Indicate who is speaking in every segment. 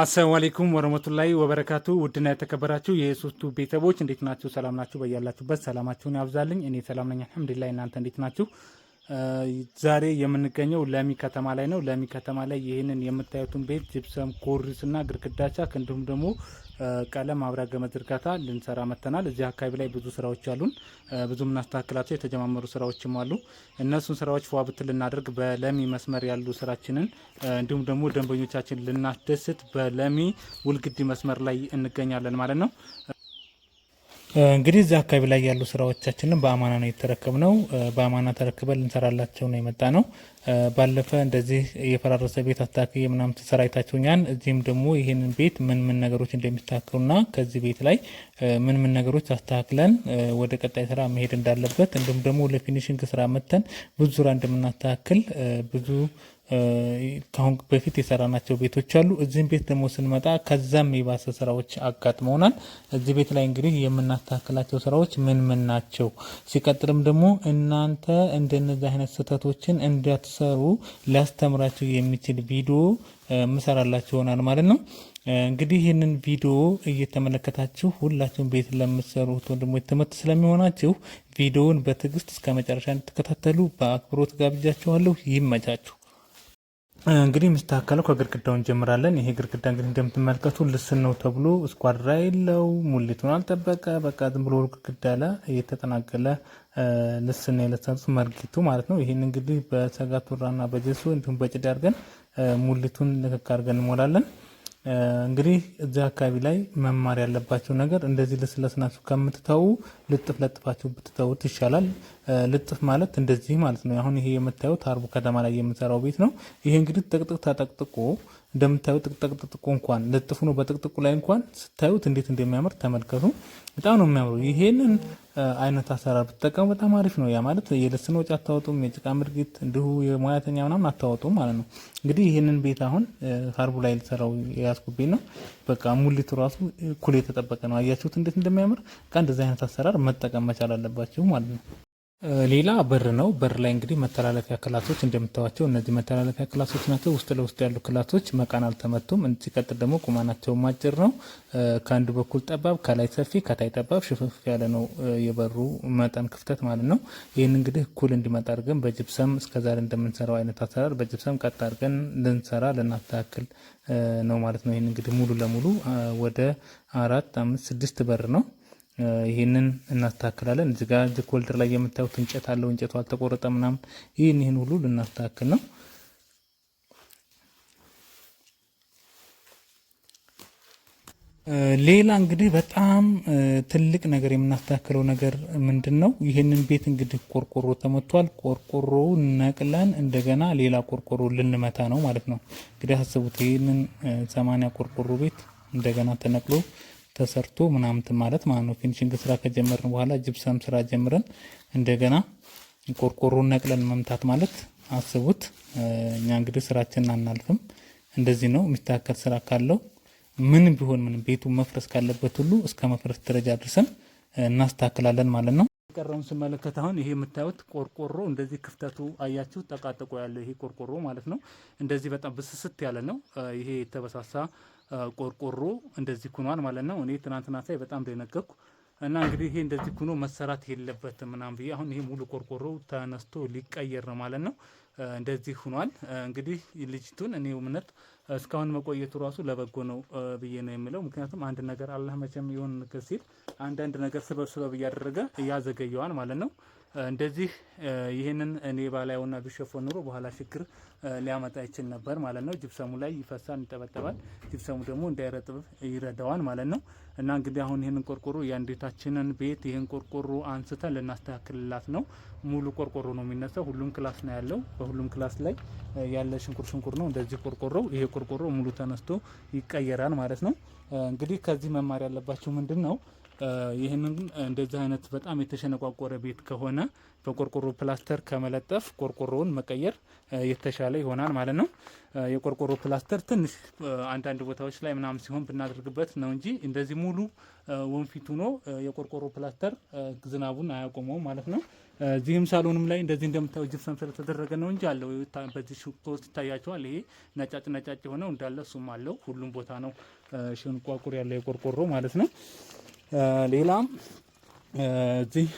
Speaker 1: አሰላሙ አሌይኩም ወረመቱላሂ ወበረካቱ። ውድና የተከበራችሁ የሶስቱ ቤተሰቦች እንዴት ናችሁ? ሰላም ናችሁ? በያላችሁበት ሰላማችሁን ያብዛልኝ። እኔ ሰላም ነኝ፣ አልሐምዱሊላህ። እናንተ እንዴት ናችሁ? ዛሬ የምንገኘው ለሚ ከተማ ላይ ነው። ለሚ ከተማ ላይ ይህንን የምታዩትን ቤት ጅብሰም ኮርኒስ እና ቻክ እንዲሁም ደግሞ ቀለም ማብሪያ ገመድ ዝርጋታ ልንሰራ መተናል። እዚህ አካባቢ ላይ ብዙ ስራዎች አሉን። ብዙ ምናስተካክላቸው የተጀማመሩ ስራዎችም አሉ። እነሱን ስራዎች ዋብት ልናደርግ በለሚ መስመር ያሉ ስራችንን እንዲሁም ደግሞ ደንበኞቻችን ልናስደስት በለሚ ውልግዲ መስመር ላይ እንገኛለን ማለት ነው። እንግዲህ እዚ አካባቢ ላይ ያሉ ስራዎቻችንን በአማና ነው የተረከብነው። በአማና ተረክበን ልንሰራላቸው ነው የመጣ ነው። ባለፈ እንደዚህ የፈራረሰ ቤት አስተካክ ምናምን ስራ እዚህም ደግሞ ይህንን ቤት ምን ምን ነገሮች እንደሚስተካከሉና ከዚህ ቤት ላይ ምን ምን ነገሮች አስተካክለን ወደ ቀጣይ ስራ መሄድ እንዳለበት እንዲሁም ደግሞ ለፊኒሽንግ ስራ መተን ብዙ ስራ እንደምናስተካክል ብዙ ከሁን በፊት የሰራናቸው ቤቶች አሉ። እዚህም ቤት ደግሞ ስንመጣ ከዛም የባሰ ስራዎች አጋጥመውናል። እዚህ ቤት ላይ እንግዲህ የምናስተካክላቸው ስራዎች ምን ምን ናቸው? ሲቀጥልም ደግሞ እናንተ እንደነዚህ አይነት ስህተቶችን እንዳትሰሩ ሊያስተምራቸው የሚችል ቪዲዮ ምሰራላችሁ ይሆናል ማለት ነው። እንግዲህ ይህንን ቪዲዮ እየተመለከታችሁ ሁላችሁም ቤት ለምትሰሩት ወንድሞች ትምህርት ስለሚሆናችሁ ቪዲዮውን በትዕግስት እስከ መጨረሻ እንድትከታተሉ በአክብሮት ጋብዣችኋለሁ። ይመቻችሁ። እንግዲህ የሚስተካከለው ከግድግዳው እንጀምራለን። ይሄ ግድግዳ እንግዲህ እንደምትመለከቱ ልስን ነው ተብሎ እስኳድራ የለው ሙሊቱን አልጠበቀ በቃ ዝም ብሎ ግድግዳ ለ የተጠናቀለ ልስን የለሰኑት መርጊቱ ማለት ነው። ይህን እንግዲህ በሰጋቱራና በጀሱ እንዲሁም በጭድ አድርገን ሙሊቱን ልክክ አድርገን እንሞላለን። እንግዲህ እዚህ አካባቢ ላይ መማር ያለባቸው ነገር እንደዚህ ልስለስ ናችሁ ከምትተዉ ልጥፍ ለጥፋችሁ ብትተዉት ይሻላል። ልጥፍ ማለት እንደዚህ ማለት ነው። አሁን ይሄ የምታዩት አርቡ ከተማ ላይ የምሰራው ቤት ነው። ይሄ እንግዲህ ጥቅጥቅ ተጠቅጥቆ እንደምታዩ ጥቅጥቅጥቁ እንኳን ለጥፉ ነው። በጥቅጥቁ ላይ እንኳን ስታዩት እንዴት እንደሚያምር ተመልከቱ። በጣም ነው የሚያምሩ። ይሄንን አይነት አሰራር ብትጠቀሙ በጣም አሪፍ ነው። ያ ማለት የልስን ወጪ አታወጡም፣ የጭቃ ምርጊት እንዲሁ የሙያተኛ ምናምን አታወጡም ማለት ነው። እንግዲህ ይህንን ቤት አሁን ሀርቡ ላይ ልሰራው የያዝኩት ቤት ነው። በቃ ሙሊቱ ራሱ እኩል የተጠበቀ ነው። አያችሁት እንዴት እንደሚያምር። በቃ እንደዚህ አይነት አሰራር መጠቀም መቻል አለባችሁ ማለት ነው። ሌላ በር ነው። በር ላይ እንግዲህ መተላለፊያ ክላሶች እንደምታዋቸው እነዚህ መተላለፊያ ክላሶች ናቸው። ውስጥ ለውስጥ ያሉ ክላሶች መቃን አልተመቱም። ሲቀጥል ደግሞ ቁማናቸው አጭር ነው። ከአንዱ በኩል ጠባብ፣ ከላይ ሰፊ፣ ከታይ ጠባብ፣ ሽፍፍ ያለ ነው የበሩ መጠን ክፍተት ማለት ነው። ይህን እንግዲህ እኩል እንዲመጣ አድርገን በጅብሰም እስከዛሬ እንደምንሰራው አይነት አሰራር በጅብሰም ቀጥ አድርገን ልንሰራ ልናስተካክል ነው ማለት ነው። ይህን እንግዲህ ሙሉ ለሙሉ ወደ አራት፣ አምስት፣ ስድስት በር ነው ይህንን እናስተካክላለን። እዚህ ጋር ዚፕ ሆልደር ላይ የምታዩት እንጨት አለው። እንጨቱ አልተቆረጠ ምናምን። ይህን ይህን ሁሉ ልናስተካክል ነው። ሌላ እንግዲህ በጣም ትልቅ ነገር የምናስተካክለው ነገር ምንድን ነው? ይህንን ቤት እንግዲህ ቆርቆሮ ተመቷል። ቆርቆሮ ነቅለን እንደገና ሌላ ቆርቆሮ ልንመታ ነው ማለት ነው። እንግዲህ አስቡት፣ ይህንን ሰማንያ ቆርቆሮ ቤት እንደገና ተነቅሎ ተሰርቶ ምናምንት ማለት ማለት ነው። ፊኒሽንግ ስራ ከጀመርን በኋላ ጅብሰም ስራ ጀምረን እንደገና ቆርቆሮን ነቅለን መምታት ማለት አስቡት። እኛ እንግዲህ ስራችንን አናልፍም። እንደዚህ ነው የሚስተካከል ስራ ካለው ምን ቢሆን ምን ቤቱ መፍረስ ካለበት ሁሉ እስከ መፍረስ ደረጃ ድርሰን እናስተካክላለን ማለት ነው። የቀረውን ስመለከት አሁን ይሄ የምታዩት ቆርቆሮ እንደዚህ ክፍተቱ አያችሁ፣ ጠቃጥቆ ያለው ይሄ ቆርቆሮ ማለት ነው። እንደዚህ በጣም ብስስት ያለ ነው። ይሄ የተበሳሳ ቆርቆሮ እንደዚህ ኩኗል ማለት ነው። እኔ ትናንትና ሳይ በጣም ደነገኩ እና እንግዲህ ይሄ እንደዚህ ኩኖ መሰራት የለበትም ምናም ብዬ አሁን ይሄ ሙሉ ቆርቆሮ ተነስቶ ሊቀየር ነው ማለት ነው። እንደዚህ ሁኗል። እንግዲህ ልጅቱን እኔ እምነት እስካሁን መቆየቱ ራሱ ለበጎ ነው ብዬ ነው የምለው። ምክንያቱም አንድ ነገር አላህ መቼም የሆን ሲል አንዳንድ ነገር ስበብ ስበብ እያደረገ እያዘገየዋል ማለት ነው። እንደዚህ ይህንን እኔ ባላየውና ሆና ቢሸፎ ኑሮ በኋላ ችግር ሊያመጣ ይችል ነበር ማለት ነው። ጅብሰሙ ላይ ይፈሳ ይጠበጠባል። ጅብሰሙ ደግሞ እንዳይረጥብ ይረዳዋል ማለት ነው። እና እንግዲህ አሁን ይህንን ቆርቆሮ የአንዴታችንን ቤት ይህን ቆርቆሮ አንስተን ልናስተካክልላት ነው። ሙሉ ቆርቆሮ ነው የሚነሳው። ሁሉም ክላስ ነው ያለው። በሁሉም ክላስ ላይ ያለ ሽንኩር ሽንኩር ነው እንደዚህ ቆርቆሮ። ይሄ ቆርቆሮ ሙሉ ተነስቶ ይቀየራል ማለት ነው። እንግዲህ ከዚህ መማር ያለባቸው ምንድን ነው? ይህንን እንደዚህ አይነት በጣም የተሸነቋቆረ ቤት ከሆነ በቆርቆሮ ፕላስተር ከመለጠፍ ቆርቆሮውን መቀየር የተሻለ ይሆናል ማለት ነው። የቆርቆሮ ፕላስተር ትንሽ አንዳንድ ቦታዎች ላይ ምናምን ሲሆን ብናደርግበት ነው እንጂ እንደዚህ ሙሉ ወንፊት ሆኖ የቆርቆሮ ፕላስተር ዝናቡን አያቆመውም ማለት ነው። እዚህም ሳሎንም ላይ እንደዚህ እንደምታዩ ጅብሰም ስለተደረገ ነው እንጂ አለው በዚህ ሶስት ይታያቸዋል። ይሄ ነጫጭ ነጫጭ የሆነው እንዳለ እሱም አለው። ሁሉም ቦታ ነው ሽንቋቁር ያለው የቆርቆሮ ማለት ነው። ሌላም እዚህ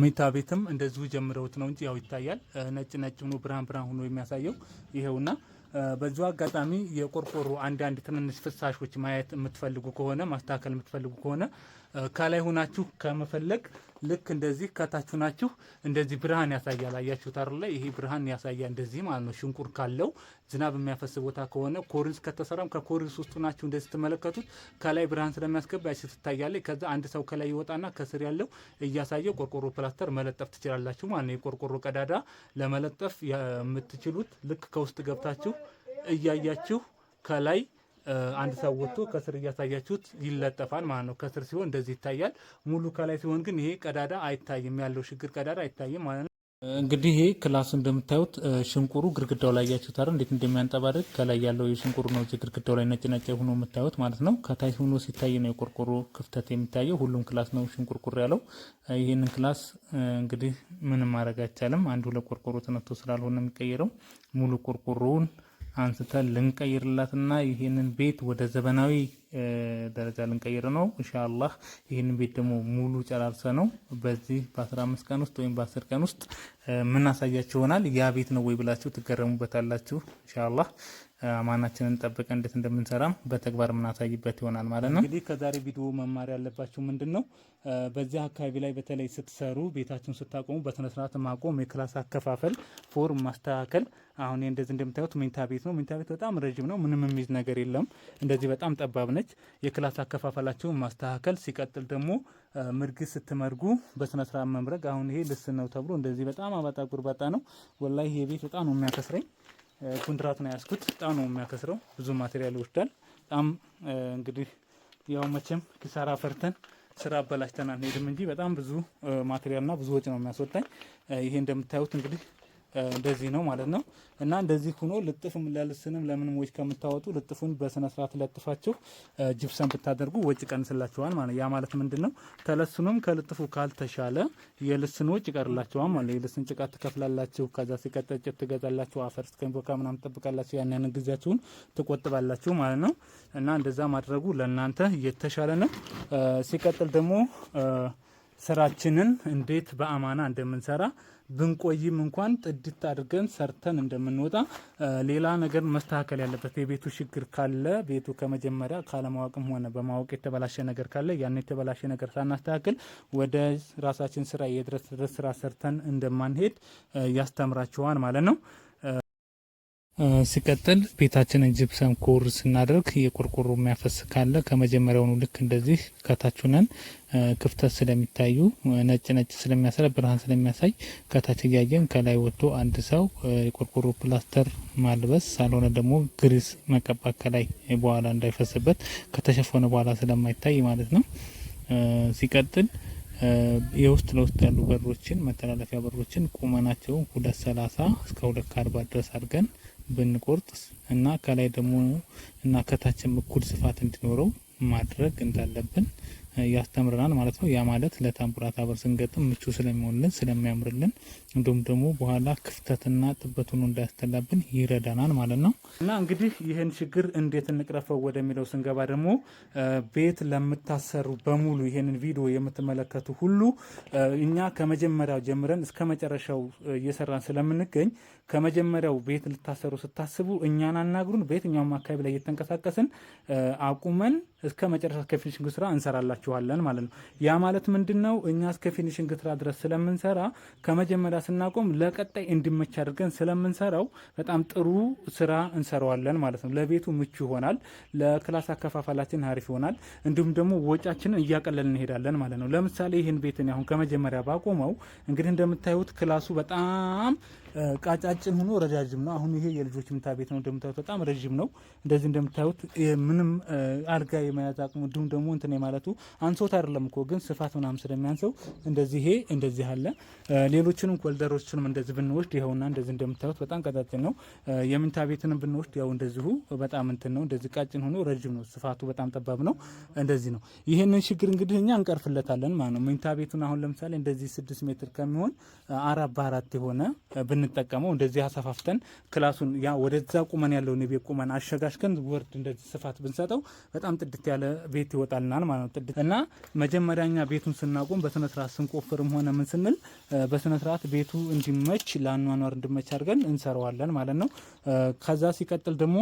Speaker 1: ሚታ ቤትም እንደዚሁ ጀምረውት ነው እንጂ ያው ይታያል ነጭ ነጭ ሆኖ ብርሃን ብርሃን ሆኖ የሚያሳየው ይሄውና። በዚሁ አጋጣሚ የቆርቆሮ አንዳንድ ትንንሽ ፍሳሾች ማየት የምትፈልጉ ከሆነ ማስተካከል የምትፈልጉ ከሆነ ከላይ ሆናችሁ ከመፈለግ ልክ እንደዚህ ከታችሁ ናችሁ እንደዚህ ብርሃን ያሳያል። አያችሁት ላይ ይሄ ብርሃን ያሳያል እንደዚህ ማለት ነው። ሽንቁር ካለው ዝናብ የሚያፈስ ቦታ ከሆነ ኮርንስ ከተሰራም ከኮርንስ ውስጡ ናችሁ እንደዚህ ስትመለከቱት ከላይ ብርሃን ስለሚያስገባ ያች ትታያለች። ከዛ አንድ ሰው ከላይ ይወጣና ከስር ያለው እያሳየው ቆርቆሮ ፕላስተር መለጠፍ ትችላላችሁ ማለት ነው። የቆርቆሮ ቀዳዳ ለመለጠፍ የምትችሉት ልክ ከውስጥ ገብታችሁ እያያችሁ ከላይ አንድ ሰው ወጥቶ ከስር እያሳያችሁት ይለጠፋል ማለት ነው። ከስር ሲሆን እንደዚህ ይታያል ሙሉ። ከላይ ሲሆን ግን ይሄ ቀዳዳ አይታይም፣ ያለው ችግር ቀዳዳ አይታይም ማለት ነው። እንግዲህ ይሄ ክላሱ እንደምታዩት ሽንቁሩ ግድግዳው ላይ ያያችሁት አይደል? እንዴት እንደሚያንጠባርቅ ከላይ ያለው የሽንቁሩ ነው። እዚህ ግድግዳው ላይ ነጭ ነጭ ሆኖ የምታዩት ማለት ነው። ከታች ሆኖ ሲታይ ነው የቆርቆሮ ክፍተት የሚታየው። ሁሉም ክላስ ነው ሽንቁርቁር ያለው። ይህንን ክላስ እንግዲህ ምንም ማድረግ አይቻልም። አንድ ሁለት ቆርቆሮ ተነቶ ስላልሆነ የሚቀየረው ሙሉ ቆርቆሮውን አንስተን ልንቀይርላትና ይህንን ቤት ወደ ዘመናዊ ደረጃ ልንቀይር ነው ኢንሻአላህ። ይህንን ቤት ደግሞ ሙሉ ጨራርሰ ነው በዚህ በ15 ቀን ውስጥ ወይም በ10 ቀን ውስጥ ምናሳያችሁ ይሆናል። ያ ቤት ነው ወይ ብላችሁ ትገረሙበታላችሁ ኢንሻአላህ። አማናችንን ጠብቀን እንዴት እንደምንሰራም በተግባር የምናሳይበት ይሆናል ማለት ነው። እንግዲህ ከዛሬ ቪዲዮ መማር ያለባችሁ ምንድን ነው፣ በዚህ አካባቢ ላይ በተለይ ስትሰሩ ቤታችሁን ስታቆሙ በስነስርዓት ማቆም፣ የክላስ አከፋፈል፣ ፎርም ማስተካከል። አሁን እንደዚህ እንደምታዩት ሜንታ ቤት ነው። ሜንታ ቤት በጣም ረዥም ነው፣ ምንም የሚይዝ ነገር የለም። እንደዚህ በጣም ጠባብ ነች። የክላስ አከፋፈላችሁን ማስተካከል። ሲቀጥል ደግሞ ምርግ ስትመርጉ በስነስርዓት መምረግ። አሁን ይሄ ልስ ነው ተብሎ እንደዚህ በጣም አባጣ ጉርባጣ ነው። ወላሂ ይሄ ቤት በጣም ነው የሚያከስረኝ። ኮንትራት ነው ያስኩት። በጣም ነው የሚያከስረው፣ ብዙ ማቴሪያል ይወስዳል። በጣም እንግዲህ ያው መቼም ኪሳራ ፈርተን ስራ አበላሽተን አንሄድም እንጂ በጣም ብዙ ማቴሪያልና ብዙ ወጪ ነው የሚያስወጣኝ። ይሄ እንደምታዩት እንግዲህ እንደዚህ ነው ማለት ነው። እና እንደዚህ ሆኖ ልጥፍ ለልስንም ለምን ወጭ ከምታወጡ ልጥፉን በስነ ስርዓት ለጥፋችሁ ጅብሰን ብታደርጉ ወጭ ቀንስላችኋል ማለት ያ ማለት ምንድን ነው? ተለስኑም ከልጥፉ ካልተሻለ የልስን ወጭ ይቀርላችኋል ማለት የልስን ጭቃ ትከፍላላችሁ። ከዛ ሲቀጠጭ ትገዛላችሁ። አፈር ስከን ምናምን ትጠብቃላችሁ። ያንን ጊዜያችሁን ትቆጥባላችሁ ማለት ነው። እና እንደዛ ማድረጉ ለእናንተ የተሻለ ነው። ሲቀጥል ደግሞ ስራችንን እንዴት በአማና እንደምንሰራ ብንቆይም እንኳን ጥድት አድርገን ሰርተን እንደምንወጣ። ሌላ ነገር መስተካከል ያለበት የቤቱ ችግር ካለ ቤቱ ከመጀመሪያ ካለማወቅም ሆነ በማወቅ የተበላሸ ነገር ካለ ያን የተበላሸ ነገር ሳናስተካክል ወደ ራሳችን ስራ የድረስ ድረስ ስራ ሰርተን እንደማንሄድ ያስተምራችኋል ማለት ነው። ሲቀጥል ቤታችንን ጅብሰም ኮር ስናደርግ የቆርቆሮ የሚያፈስ ካለ ከመጀመሪያውኑ ልክ እንደዚህ ከታች ክፍተት ስለሚታዩ ነጭ ነጭ ስለሚያሳይ ብርሃን ስለሚያሳይ ከታች እያየን ከላይ ወጥቶ አንድ ሰው የቆርቆሮ ፕላስተር ማልበስ ሳልሆነ ደግሞ ግሪስ መቀባት ከላይ በኋላ እንዳይፈስበት ከተሸፈነ በኋላ ስለማይታይ ማለት ነው። ሲቀጥል የውስጥ ለውስጥ ያሉ በሮችን መተላለፊያ በሮችን ቁመናቸውን ሁለት ሰላሳ እስከ ሁለት ከአርባ ድረስ አድርገን ብንቆርጥ እና ከላይ ደግሞ እና ከታችም እኩል ስፋት እንዲኖረው ማድረግ እንዳለብን ያስተምረናል ማለት ነው። ያ ማለት ለታምቡራት በር ስንገጥም ምቹ ስለሚሆንልን ስለሚያምርልን፣ እንዲሁም ደግሞ በኋላ ክፍተትና ጥበት ሆኖ እንዳያስተላብን ይረዳናል ማለት ነው እና እንግዲህ ይህን ችግር እንዴት እንቅረፈው ወደሚለው ስንገባ ደግሞ ቤት ለምታሰሩ በሙሉ ይህንን ቪዲዮ የምትመለከቱ ሁሉ እኛ ከመጀመሪያው ጀምረን እስከ መጨረሻው እየሰራን ስለምንገኝ ከመጀመሪያው ቤት ልታሰሩ ስታስቡ እኛን አናግሩን። በየትኛውም አካባቢ ላይ እየተንቀሳቀስን አቁመን እስከ መጨረሻ እስከ ፊኒሽንግ ስራ እንሰራላችኋለን ማለት ነው። ያ ማለት ምንድን ነው? እኛ እስከ ፊኒሽንግ ስራ ድረስ ስለምንሰራ ከመጀመሪያ ስናቆም ለቀጣይ እንዲመች አድርገን ስለምንሰራው በጣም ጥሩ ስራ እንሰራዋለን ማለት ነው። ለቤቱ ምቹ ይሆናል፣ ለክላስ አከፋፋላችን አሪፍ ይሆናል። እንዲሁም ደግሞ ወጫችንን እያቀለልን እንሄዳለን ማለት ነው። ለምሳሌ ይህን ቤትን አሁን ከመጀመሪያ ባቆመው እንግዲህ እንደምታዩት ክላሱ በጣም ቃጫጭን ሆኖ ረጃጅም ነው። አሁን ይሄ የልጆች ምታ ቤት ነው እንደምታዩት በጣም ረዥም ነው። እንደዚህ እንደምታዩት ምንም አልጋ የመያዝ አቅሙ እንዲሁም ደግሞ እንትን የማለቱ አንሶት አይደለም እኮ ግን ስፋት ምናምን ስለሚያንሰው እንደዚህ ይሄ እንደዚህ አለ። ሌሎችንም ኮልደሮችንም እንደዚህ ብንወስድ ይኸውና እንደዚህ እንደምታዩት በጣም ቀጣጭን ነው። የምንታ ቤትንም ብንወስድ ያው እንደዚሁ በጣም እንትን ነው። እንደዚህ ቃጭን ሆኖ ረዥም ነው። ስፋቱ በጣም ጠባብ ነው። እንደዚህ ነው። ይህንን ችግር እንግዲህ እኛ እንቀርፍለታለን ማለት ነው። ምንታ ቤቱን አሁን ለምሳሌ እንደዚህ ስድስት ሜትር ከሚሆን አራት በአራት የሆነ ብን የምንጠቀመው እንደዚህ አሰፋፍተን ክላሱን ያ ወደዛ ቁመን ያለውን የቤት ቁመን አሸጋሽገን ወርድ እንደዚህ ስፋት ብንሰጠው በጣም ጥድት ያለ ቤት ይወጣልናል ማለት ነው። ጥድት እና መጀመሪያኛ ቤቱን ስናቆም በስነስርዓት ስንቆፍርም ሆነ ምን ስንል በስነስርዓት ቤቱ እንዲመች ለአኗኗር እንዲመች አድርገን እንሰራዋለን ማለት ነው። ከዛ ሲቀጥል ደግሞ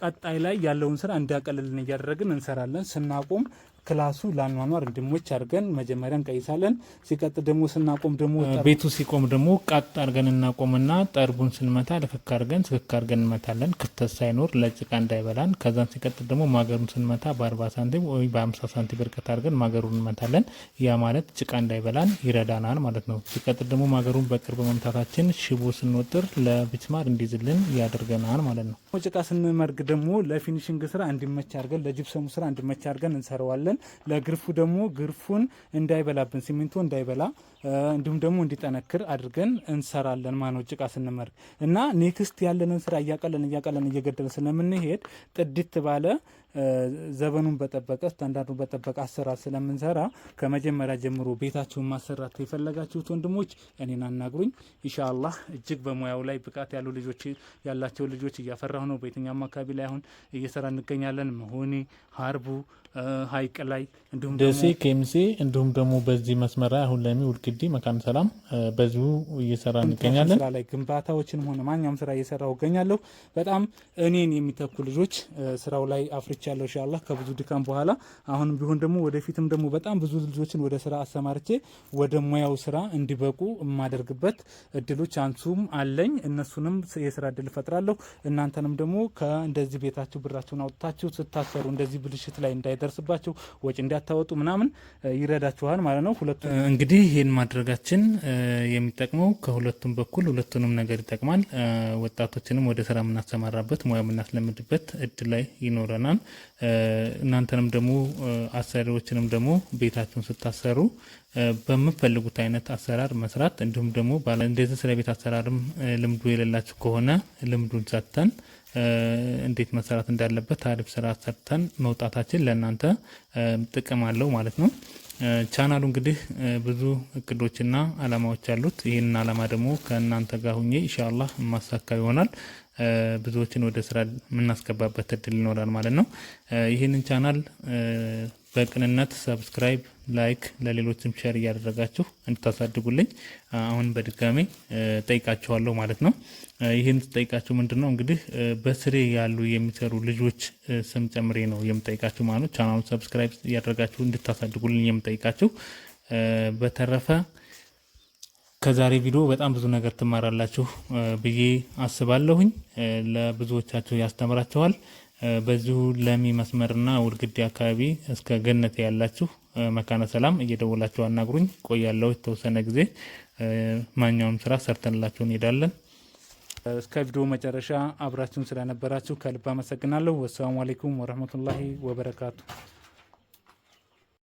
Speaker 1: ቀጣይ ላይ ያለውን ስራ እንዲያቀልልን እያደረግን እንሰራለን። ስናቆም ክላሱ ለአኗኗር እንድሞች አድርገን መጀመሪያ እንቀይሳለን። ሲቀጥ ደግሞ ስናቆም ደግሞ ቤቱ ሲቆም ደግሞ ቀጥ አድርገን እናቆምና ጠርቡን ስንመታ ልክክ አድርገን ስክክ አድርገን እንመታለን፣ ክፍተት ሳይኖር ለጭቃ እንዳይበላን። ከዛን ሲቀጥ ደግሞ ማገሩን ስንመታ በአርባ ሳንቲም ወይ በአምሳ ሳንቲም እርቀት አድርገን ማገሩን እንመታለን። ያ ማለት ጭቃ እንዳይበላን ይረዳናል ማለት ነው። ሲቀጥ ደግሞ ማገሩን በቅርብ መምታታችን ሽቦ ስንወጥር ለቢስማር እንዲዝልን ያደርገናል ማለት ነው። ጭቃ ስንመርግ ደግሞ ለፊኒሽንግ ስራ እንዲመች አድርገን ለጅብሰሙ ስራ እንዲመች አድርገን እንሰራዋለን። ለግርፉ ደግሞ ግርፉን እንዳይበላብን ሲሚንቶ እንዳይበላ እንዲሁም ደግሞ እንዲጠነክር አድርገን እንሰራለን። ማነው ጭቃ ስንመርግ እና ኔክስት ያለንን ስራ እያቀለን እያቀለን እየገደለ ስለምንሄድ ጥድት ባለ ዘመኑን በጠበቀ ስታንዳርዱን በጠበቀ አሰራር ስለምንሰራ ከመጀመሪያ ጀምሮ ቤታችሁን ማሰራት የፈለጋችሁት ወንድሞች እኔን አናግሩኝ። ኢንሻአላህ እጅግ በሙያው ላይ ብቃት ያሉ ልጆች ያላቸው ልጆች እያፈራሁ ነው። በየትኛውም አካባቢ ላይ አሁን እየሰራ እንገኛለን። መሆኔ ሀርቡ ሀይቅ ላይ እንዲሁም ደሴ ኬምሴ እንዲሁም ደግሞ በዚህ መስመር ላይ አሁን ለሚ ውድግዲ መካን ሰላም በዚሁ እየሰራ እንገኛለን። ስራ ላይ ግንባታዎችን ሆነ ማንኛውም ስራ እየሰራሁ እገኛለሁ። በጣም እኔን የሚተኩ ልጆች ስራው ላይ አፍሪ ሰርቻለሁ ኢንሻአላህ ከብዙ ድካም በኋላ። አሁንም ቢሆን ደግሞ ወደፊትም ደግሞ በጣም ብዙ ልጆችን ወደ ስራ አሰማርቼ ወደ ሙያው ስራ እንዲበቁ የማደርግበት እድሎች አንሱም አለኝ። እነሱንም የስራ እድል እፈጥራለሁ። እናንተንም ደግሞ ከእንደዚህ ቤታችሁ ብራችሁን አውጥታችሁ ስታሰሩ እንደዚህ ብልሽት ላይ እንዳይደርስባችሁ ወጪ እንዳታወጡ ምናምን ይረዳችኋል ማለት ነው። ሁለቱ እንግዲህ ይህን ማድረጋችን የሚጠቅመው ከሁለቱም በኩል ሁለቱንም ነገር ይጠቅማል። ወጣቶችንም ወደ ስራ የምናሰማራበት ሙያ የምናስለምድበት እድል ላይ ይኖረናል። እናንተንም ደግሞ አሰሪዎችንም ደግሞ ቤታችሁን ስታሰሩ በምፈልጉት አይነት አሰራር መስራት እንዲሁም ደግሞ እንደዚህ ስለ ቤት አሰራርም ልምዱ የሌላችሁ ከሆነ ልምዱን ሰጥተን እንዴት መሰራት እንዳለበት አሪፍ ስራ ሰርተን መውጣታችን ለእናንተ ጥቅም አለው ማለት ነው። ቻናሉ እንግዲህ ብዙ እቅዶችና አላማዎች አሉት። ይህንን አላማ ደግሞ ከእናንተ ጋር ሁኜ ኢንሻአላህ የማሳካ ይሆናል። ብዙዎችን ወደ ስራ የምናስገባበት እድል ይኖራል ማለት ነው። ይህንን ቻናል በቅንነት ሰብስክራይብ፣ ላይክ ለሌሎችም ሼር እያደረጋችሁ እንድታሳድጉልኝ አሁን በድጋሚ ጠይቃችኋለሁ ማለት ነው። ይህን ስጠይቃችሁ ምንድን ነው እንግዲህ በስሬ ያሉ የሚሰሩ ልጆች ስም ጨምሬ ነው የምጠይቃችሁ ማለት ነው። ቻናሉን ሰብስክራይብ እያደረጋችሁ እንድታሳድጉልኝ የምጠይቃችሁ በተረፈ ከዛሬ ቪዲዮ በጣም ብዙ ነገር ትማራላችሁ ብዬ አስባለሁኝ። ለብዙዎቻችሁ ያስተምራችኋል። በዚሁ ለሚ መስመርና ውልግዴ አካባቢ እስከ ገነት ያላችሁ መካነ ሰላም እየደወላችሁ አናግሩኝ። ቆያለሁ የተወሰነ ጊዜ ማንኛውም ስራ ሰርተንላችሁ እንሄዳለን። እስከ ቪዲዮ መጨረሻ አብራችሁን ስለነበራችሁ ከልብ አመሰግናለሁ። ወሰላሙ አሌይኩም ወረህመቱላሂ ወበረካቱ።